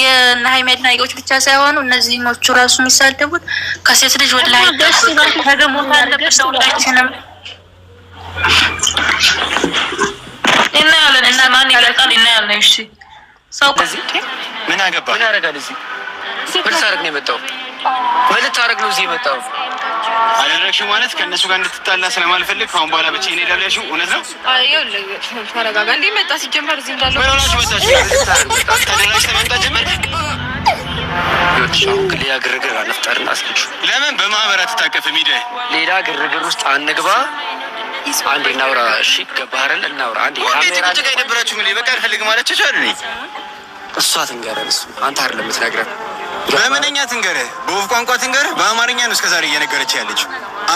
የሀይሜድና አድናቂዎች ብቻ ሳይሆኑ እነዚህ ሞቹ ራሱ የሚሳደቡት ከሴት ልጅ ወደ ላይ እና ማን እሺ ሰው ምን አገባ ምን አረጋል? እዚህ ምን ሳረግ ነው የመጣው ምን ልታደርግ ነው እዚህ የመጣው? አደረግሽው ማለት ከእነሱ ጋር እንድትጣላ ስለማልፈልግ ከአሁን በኋላ ብቻ እኔ እሄዳለሁ ያልሽው እውነት ነው? ተረጋጋ። እንዴት መጣ? ሲጀመር እዚህ እንዳለ ምን ሆናችሁ መጣችሁ? ተደራጅ ተመምጣት ጀመር። ሁን ሌላ ግርግር አለፍጠር አስልችው ለምን በማህበር ትታቀፍ ሂደህ ሌላ ግርግር ውስጥ አንግባ። አንድ እናውራ። እሺ ገባህረል እናውራ። አንዴ ካሜራ ጭቃ በቃ አልፈልግም አለችሽ አይደል? እሷ ትንገረን። እሱ አንተ አይደለም የምትነግረን በምንኛ ትንገር? በወፍ ቋንቋ ትንገር? በአማርኛ ነው እስከዛሬ እየነገረች ያለች።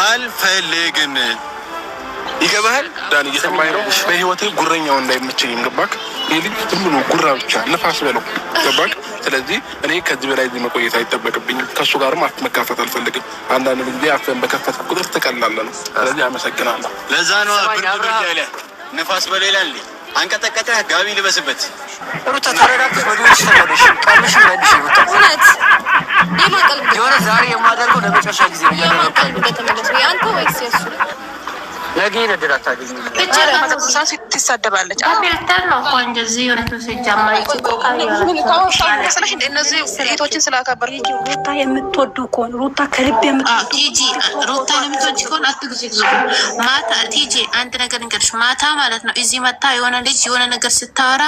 አልፈልግም። ይገባሃል ዳን? እየሰማኸኝ ነው? በህይወቴ ጉረኛው እንዳይመቸኝ ገባክ? ይህ ልጅ ዝም ነው ጉራ ብቻ ነፋስ በለው ገባክ? ስለዚህ እኔ ከዚህ በላይ እዚህ መቆየት አይጠበቅብኝም። ከእሱ ጋርም አፍ መካፈት አልፈልግም። አንዳንድ ጊዜ አፍን በከፈት ቁጥር ትቀላለህ ስለዚህ አመሰግናለሁ። ለዛ ነው ብርድ ብርድ ያለ ነፋስ በሌላ አንቀጠቀጠ ጋቢ ልበስበት። ሩታ ተረጋግተሽ ወደ ውጭ ተመለሽ። ቀልሽ መልሽ። ሩታ እውነት የማቀልብ የሆነ ዛሬ የማደርገው ለመጨረሻ ጊዜ ነው እያደረግኩ ነገ እድል አታገኝም። ትሳደባለች። ሴቶችን ሩታ የምትወዱ ሩታ ከልብ ቲጂ አንድ ነገር እንገርሽ፣ ማታ ማለት ነው እዚህ መታ የሆነ ልጅ የሆነ ነገር ስታወራ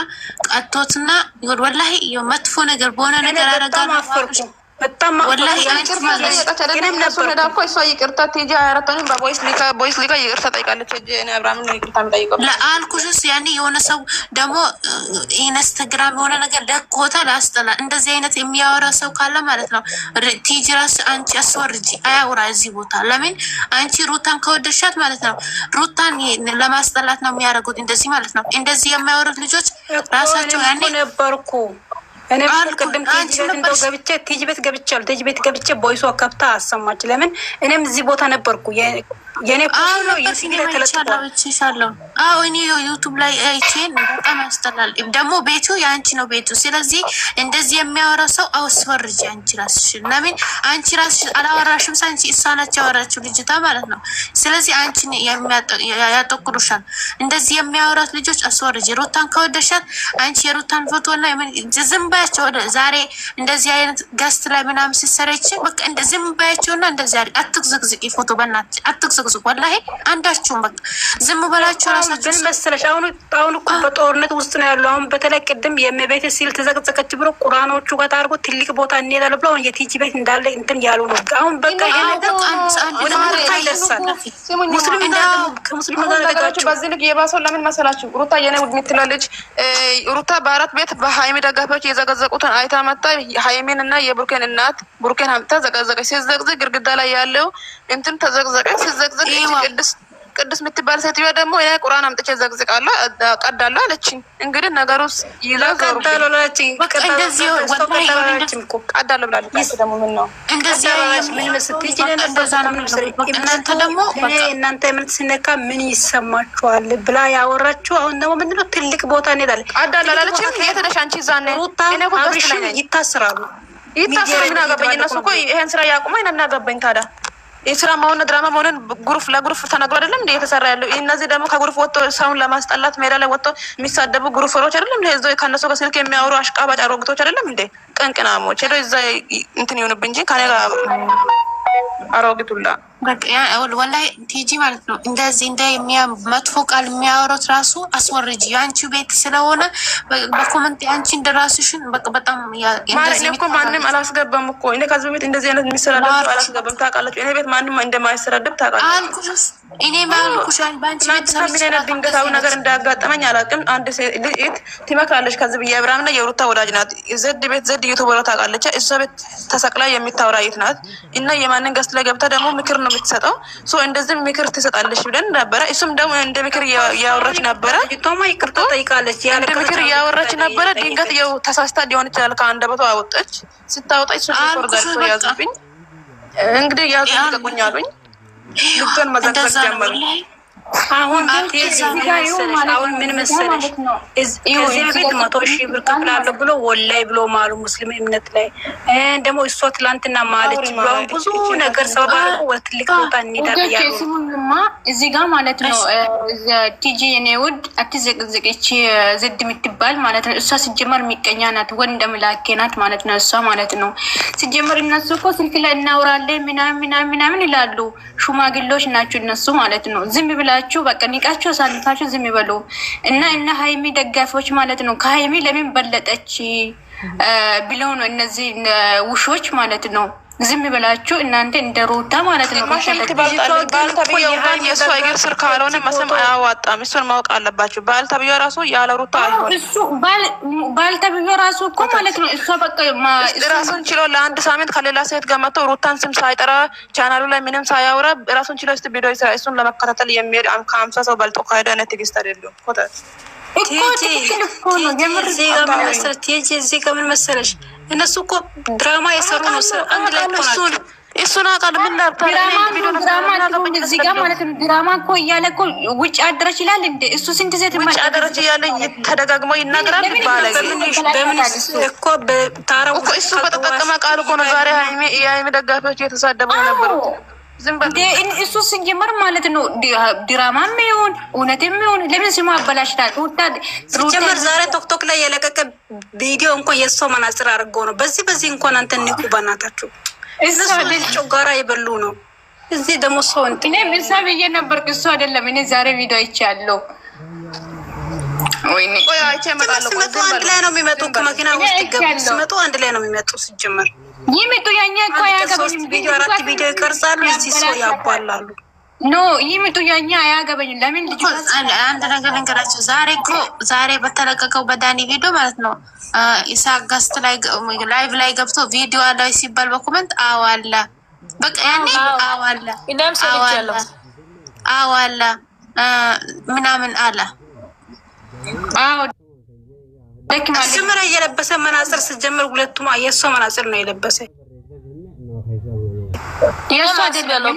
ቀቶትና ወላሂ መጥፎ ነገር በሆነ ነገር አረጋ በጣም ግንም ነበር ዳ እኮ እሷ ይቅርታ ያኔ የሆነ ሰው ደግሞ ኢንስተግራም የሆነ ነገር ለኮታ ላስጠላል። እንደዚህ አይነት የሚያወራ ሰው ካለ ማለት ነው ቴጂ ራስ አንቺ አስወርጂ፣ አያውራ እዚህ ቦታ። ለምን አንቺ ሩታን ከወደሻት ማለት ነው ሩታን ለማስጠላት ነው የሚያደርጉት እንደዚህ ማለት ነው። እንደዚህ የማያወሩት ልጆች ራሳቸው ያኔ ነበርኩ እኔ ቅድም ቲጂ ቤት ገብቼ ቲጂ ቤት ገብቻለሁ። ቲጂ ቤት ገብቼ ቦይሶ ከብታ አሰማች። ለምን እኔም እዚህ ቦታ ነበርኩ። እኔ ዩቱብ ላይ አይቼን በጣም ያስጠላል። ደግሞ ቤቱ የአንቺ ነው ቤቱ። ስለዚህ እንደዚህ የሚያወራ ሰው አውስወርጅ አንቺ ራስሽ ለምን አንቺ ራስሽ አላወራሽም? ሳንቺ እሷ ናት ያወራችው ልጅቷ ማለት ነው። ስለዚህ አንቺን ያጠቁሩሻል። እንደዚህ የሚያወራት ልጆች አስወርጅ። ሩታን ከወደሻት አንቺ የሩታን ፎቶ እና ዝም ዛሬ እንደዚህ አይነት ገስት ላይ ምናምን ሲሰረች በቃ ዝም ባያቸውና እንደዚህ አትቅዝቅዝቂ ፎቶ በናት አትቅዝቅ ብዙ ወላሂ አንዳችሁም በቃ ዝም በላችሁ። ራሳችሁ ምን መሰለሽ፣ አሁን አሁን እኮ በጦርነት ውስጥ ነው ያለው። አሁን በተለይ ቅድም የምቤት ሲል ተዘቅዘቀች ብሎ ቁራኖቹ ጋር ታርጎ ትልቅ ቦታ እንሄዳለን ብሎ አሁን የቲጂ ቤት እንዳለ እንትን ያሉ ነው። አሁን በቃ ይሄ ነገር ወደ ሙርታ ይደርሳል። ሙስሊም ከሙስሊም ጋር ነገራቸው በዚህ ልግ የባሰው ለምን መሰላችሁ? ሩታ የኔ ውድ ምትላለች ሩታ በአራት ቤት በሀይሚ ደጋፊዎች የዘቀዘቁትን አይታ መጣ። ሀይሜን እና የቡርኬን እናት ቡርኬን ሀምታ ዘቀዘቀች። ሲዘቅዘቅ ግርግዳ ላይ ያለው እንትን ተዘቅዘቀ ሲዘ ዘቅዘቅ ቅዱስ የምትባል ሴትዮዋ ደግሞ ያ ቁርአን አምጥቼ ዘቅዝቃለሁ ቀዳለሁ አለችኝ። እንግዲህ ነገሩ ቀዳለሁ ደግሞ እናንተ ደግሞ እምነት ሲነካ ምን ይሰማችኋል ብላ ያወራችሁ። አሁን ደግሞ ምንድነው ትልቅ ቦታ እንሄዳለን ቀዳለሁ አላለችም። የተነሽ አንቺ ዛኔ ይታስራሉ ይታስራሉ። ምን አገባኝ እነሱ እኮ ይሄን ስራ ያቁማ ይናገባኝ ታዲያ የስራ መሆን ድራማ መሆንን ጉሩፍ ለጉሩፍ ተነግሮ አይደለም እንደ የተሰራ ያለው። እነዚህ ደግሞ ከጉሩፍ ወጥቶ ሰውን ለማስጠላት ሜዳ ላይ ወጥቶ የሚሳደቡ ጉሩፈሮች አይደለም ሄዞ ከነሱ ጋር ስልክ የሚያወሩ አሽቃባጭ አሮግቶች አይደለም እንዴ ቅንቅናሞች ሄዶ እዛ እንትን ይሁንብ እንጂ ከኔ ጋር አሮግቱላ ወላሂ ቲጂ ማለት ነው። እንደዚህ እንደ መጥፎ ቃል የሚያወሩት ራሱ አስወርጅ የአንቺ ቤት ስለሆነ በኮመንት አንቺ እንደራስሽን በጣም እኮ ማንም አላስገባም እኮ እኔ ከዚህ ቤት እንደዚህ አይነት የሚሰራደብ አላስገባም። ታውቃላችሁ እኔ ቤት ማንም እንደማይሰራደብ እኔ አይነት ድንገታዊ ነገር አላውቅም። አንድ ትመክራለች። ከዚህ ብዬ የሩታ ወዳጅ ናት። ዘድ ቤት ዘድ እየተወራ ታውቃለች። እሷ ቤት ተሰቅላ ናት እና የማንን ገስት ላይ ገብታ ደግሞ ምክር ነው ነው የምትሰጠው። እንደዚህ ምክር ትሰጣለች ብለን ነበረ። እሱም ደግሞ እንደ ምክር እያወራች ነበረ። እንደ ምክር እያወራች ነበረ። ድንገት ው ተሳስታ ሊሆን ይችላል። ከአንድ በቶ አወጣች። ስታወጣ እሱ ርጋልቶ ያዙብኝ። እንግዲህ ያዙ ልቀቁኝ አሉኝ። ልብቶን ጀመሩ። አሁን ምን መሰለሽ ከዚያ ቤት መቶ ሺህ ብር ከፍላለሁ ብሎ ወላይ ብሎ ማሉ ሙስሊም እምነት ላይ ደግሞ እሷ ትላንትና ማለች ብሎ ብዙ ነገር ሰው ትልቅ ቦታ እንሄዳለን። እዚህ ጋር ማለት ነው ቲጂ የኔ ውድ አትዘቅዘቅች ዝድ የምትባል ማለት ነው። እሷ ሲጀመር የሚቀኛ ናት፣ ወንድ ምላኬ ናት ማለት ነው። እሷ ማለት ነው ሲጀመር እነሱ እኮ ስልክ ላይ እናውራለን ምናምን ምናምን ምናምን ይላሉ። ሽማግሌዎች ናቸው እነሱ ማለት ነው። ዝም ብላ አውጥታችሁ በቃ ንቃችሁ አሳልፋችሁ ዝም ይበሉ እና እና ሀይሚ ደጋፊዎች ማለት ነው ከሀይሚ ለምን በለጠች ብለው ነው እነዚህ ውሾች ማለት ነው ዝም ብላችሁ እናንተ እንደ ሩታ ማለት ነው። ማሽን እግር ስር ካልሆነ መስም አያዋጣም። እሱን ማወቅ አለባችሁ። ባልተብዮ ራሱ ያለ ሩታ አይሆን። ባልተብዮ ራሱ እኮ ማለት ነው እሷ በቃ ራሱን ችሎ ለአንድ ሳምንት ከሌላ ሴት ጋር መጥቶ ሩታን ስም ሳይጠራ ቻናሉ ላይ ምንም ሳያወራ ራሱን ችሎ ስ ቪዲዮ ይስራ። እሱን ለመከታተል የሚሄድ ከሀምሳ ሰው በልጦ ከሄደ ነ ትግስት አይደለም ኮተት እዚህ ጋር ምን መሰለሽ እነሱ እኮ ድራማ የሰሩ ነው። አንድ ላይ እሱን አቃል ምን ላድርግ እዚህ ጋር ማለት ነው። ድራማ እኮ እያለ እኮ ውጭ አደረች ይላል እንደ እሱ ስንት ሴት ውጭ አደረች እያለ ተደጋግሞ ይናገራል። እሱ በተጠቀመ ቃል እኮ ነው ዛሬ የሀይሚ ደጋፊዎች እየተሳደበ ነበሩት። እሱ ስንጀመር ማለት ነው ድራማም ይሁን እውነትም ይሁን ለምን ስሙ አበላሽታል። ሲጀመር ዛሬ ቶክቶክ ላይ የለቀቀ ቪዲዮ እንኳን የሰው መናጽር አድርጎ ነው። በዚህ በዚህ እንኳን አንተ ንቁ፣ በናታችሁ ጋራ የበሉ ነው። እዚህ ደግሞ ሰው እኔ እሳ ብዬ ነበር እሱ አይደለም። እኔ ዛሬ ቪዲዮ አይቻለሁ። ሲመጡ አንድ ላይ ነው የሚመጡ። ከመኪና ውስጥ ይገቡ ሲመጡ አንድ ላይ ነው የሚመጡ። ሲጀመር ይመጡ ያኛ እኮ ሶስት ቪዲዮ አራት ቪዲዮ ይቀርጻሉ። እዚህ ሰው ያባላሉ። ኖ ይምጡ ያኛ አያገበኝ። ለምን ልጅ አንድ ነገር ልንገራቸው። ዛሬ እኮ ዛሬ በተለቀቀው በዳኒ ቪዲዮ ማለት ነው ኢሳ ጋስት ላይ ላይቭ ላይ ገብቶ ቪዲዮ ላይ ሲባል በኮመንት አዋላ በቃ ያኔ አዋላ አዋላ ምናምን አለ ስምር እየለበሰ መነጽር ስትጀምር ሁለቱም የእሷ መነጽር ነው የለበሰ አይደለም።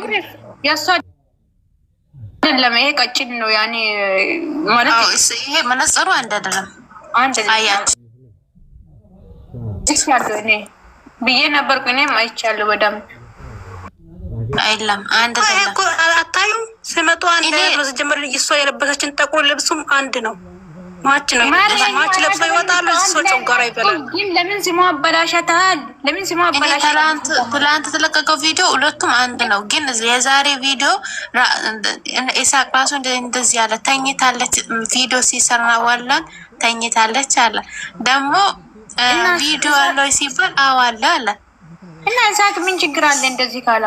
ይሄ ቀጭን ነው። ያኔ ማለት ይሄ መነጽሩ አንድ አይደለም። አንድ አያቸው ይቻለሁ እኔ ብዬ ነበርኩ። እኔም አይቻለሁ በደምብ አይለም አንድ አይደለም። አታዩም? ስመጡ አንድ ነው። ሲጀመር እሷ የለበሰችን ጥቁር ልብሱም አንድ ነው። ማች ነው ማች ለብሰው ይወጣሉ። እሱ ጨጓራ ይበላል። ለምን ስሙ አበላሸታል? ለምን ስሙ አበላሸታል? ትላንት የተለቀቀው ቪዲዮ ሁለቱም አንድ ነው። ግን የዛሬ ቪዲዮ ኢሳቅ ራሱ እንደዚህ ያለ ተኝታለች። ቪዲዮ ሲሰራ ዋላን ተኝታለች አለ። ደግሞ ቪዲዮ አለው ሲባል አዋለ አለ እና ኢሳቅ ምን ችግር አለ እንደዚህ ካላ